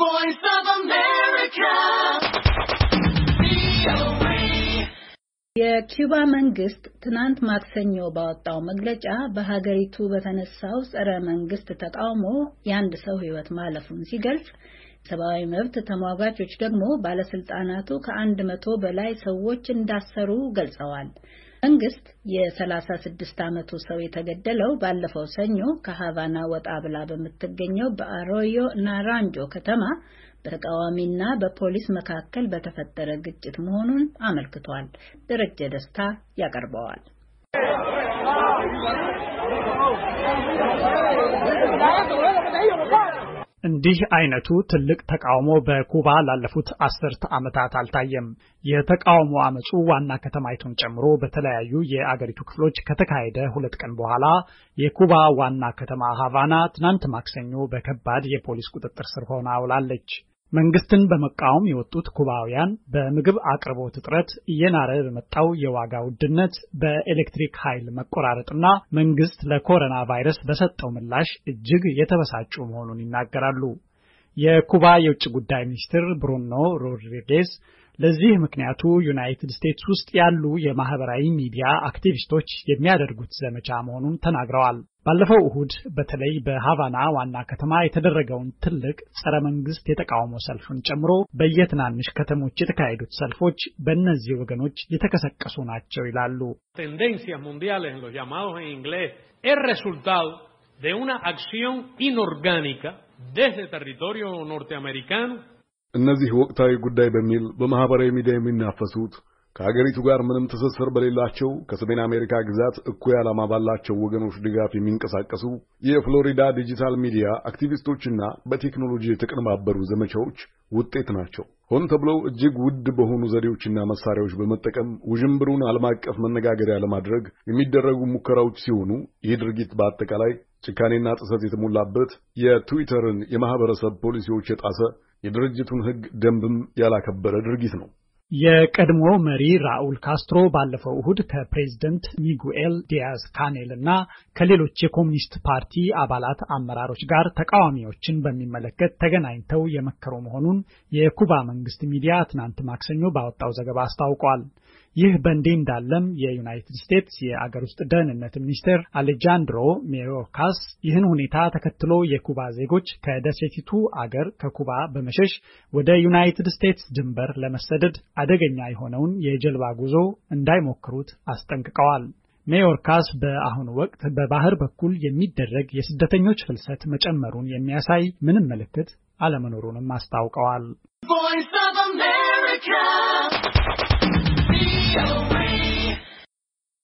Voice of America. መንግስት ትናንት ማክሰኞ ባወጣው መግለጫ በሀገሪቱ በተነሳው ጸረ መንግስት ተቃውሞ የአንድ ሰው ሕይወት ማለፉን ሲገልጽ ሰብአዊ መብት ተሟጋቾች ደግሞ ባለስልጣናቱ ከአንድ መቶ በላይ ሰዎች እንዳሰሩ ገልጸዋል። መንግስት የ36 ዓመቱ ሰው የተገደለው ባለፈው ሰኞ ከሀቫና ወጣ ብላ በምትገኘው በአሮዮ ናራንጆ ከተማ በተቃዋሚና በፖሊስ መካከል በተፈጠረ ግጭት መሆኑን አመልክቷል። ደረጀ ደስታ ያቀርበዋል። እንዲህ አይነቱ ትልቅ ተቃውሞ በኩባ ላለፉት አስርተ ዓመታት አልታየም። የተቃውሞ አመፁ ዋና ከተማይቱን ጨምሮ በተለያዩ የአገሪቱ ክፍሎች ከተካሄደ ሁለት ቀን በኋላ የኩባ ዋና ከተማ ሃቫና ትናንት ማክሰኞ በከባድ የፖሊስ ቁጥጥር ስር ሆና ውላለች። መንግስትን በመቃወም የወጡት ኩባውያን በምግብ አቅርቦት እጥረት፣ እየናረ በመጣው የዋጋ ውድነት፣ በኤሌክትሪክ ኃይል መቆራረጥና መንግስት ለኮሮና ቫይረስ በሰጠው ምላሽ እጅግ የተበሳጩ መሆኑን ይናገራሉ። የኩባ የውጭ ጉዳይ ሚኒስትር ብሩኖ ሮድሪጌዝ ለዚህ ምክንያቱ ዩናይትድ ስቴትስ ውስጥ ያሉ የማህበራዊ ሚዲያ አክቲቪስቶች የሚያደርጉት ዘመቻ መሆኑን ተናግረዋል። ባለፈው እሁድ በተለይ በሃቫና ዋና ከተማ የተደረገውን ትልቅ ጸረ መንግስት የተቃውሞ ሰልፍን ጨምሮ በየትናንሽ ከተሞች የተካሄዱት ሰልፎች በእነዚህ ወገኖች የተቀሰቀሱ ናቸው ይላሉ። ቴንደንሲያስ ሙንዲያለስ en los llamados en inglés እነዚህ ወቅታዊ ጉዳይ በሚል በማህበራዊ ሚዲያ የሚናፈሱት ከሀገሪቱ ጋር ምንም ትስስር በሌላቸው ከሰሜን አሜሪካ ግዛት እኩይ ዓላማ ባላቸው ወገኖች ድጋፍ የሚንቀሳቀሱ የፍሎሪዳ ዲጂታል ሚዲያ አክቲቪስቶችና በቴክኖሎጂ የተቀነባበሩ ዘመቻዎች ውጤት ናቸው። ሆን ተብሎ እጅግ ውድ በሆኑ ዘዴዎችና መሳሪያዎች በመጠቀም ውዥንብሩን ዓለም አቀፍ መነጋገሪያ ለማድረግ የሚደረጉ ሙከራዎች ሲሆኑ ይህ ድርጊት በአጠቃላይ ጭካኔና ጥሰት የተሞላበት የትዊተርን የማህበረሰብ ፖሊሲዎች የጣሰ የድርጅቱን ሕግ ደንብም ያላከበረ ድርጊት ነው። የቀድሞ መሪ ራኡል ካስትሮ ባለፈው እሁድ ከፕሬዝደንት ሚጉኤል ዲያዝ ካኔል እና ከሌሎች የኮሚኒስት ፓርቲ አባላት አመራሮች ጋር ተቃዋሚዎችን በሚመለከት ተገናኝተው የመከሩ መሆኑን የኩባ መንግስት ሚዲያ ትናንት ማክሰኞ ባወጣው ዘገባ አስታውቋል። ይህ በእንዲህ እንዳለም የዩናይትድ ስቴትስ የአገር ውስጥ ደህንነት ሚኒስትር አሌጃንድሮ ሜዮርካስ ይህን ሁኔታ ተከትሎ የኩባ ዜጎች ከደሴቲቱ አገር ከኩባ በመሸሽ ወደ ዩናይትድ ስቴትስ ድንበር ለመሰደድ አደገኛ የሆነውን የጀልባ ጉዞ እንዳይሞክሩት አስጠንቅቀዋል። ሜዮርካስ በአሁኑ ወቅት በባህር በኩል የሚደረግ የስደተኞች ፍልሰት መጨመሩን የሚያሳይ ምንም ምልክት አለመኖሩንም አስታውቀዋል። Gracias.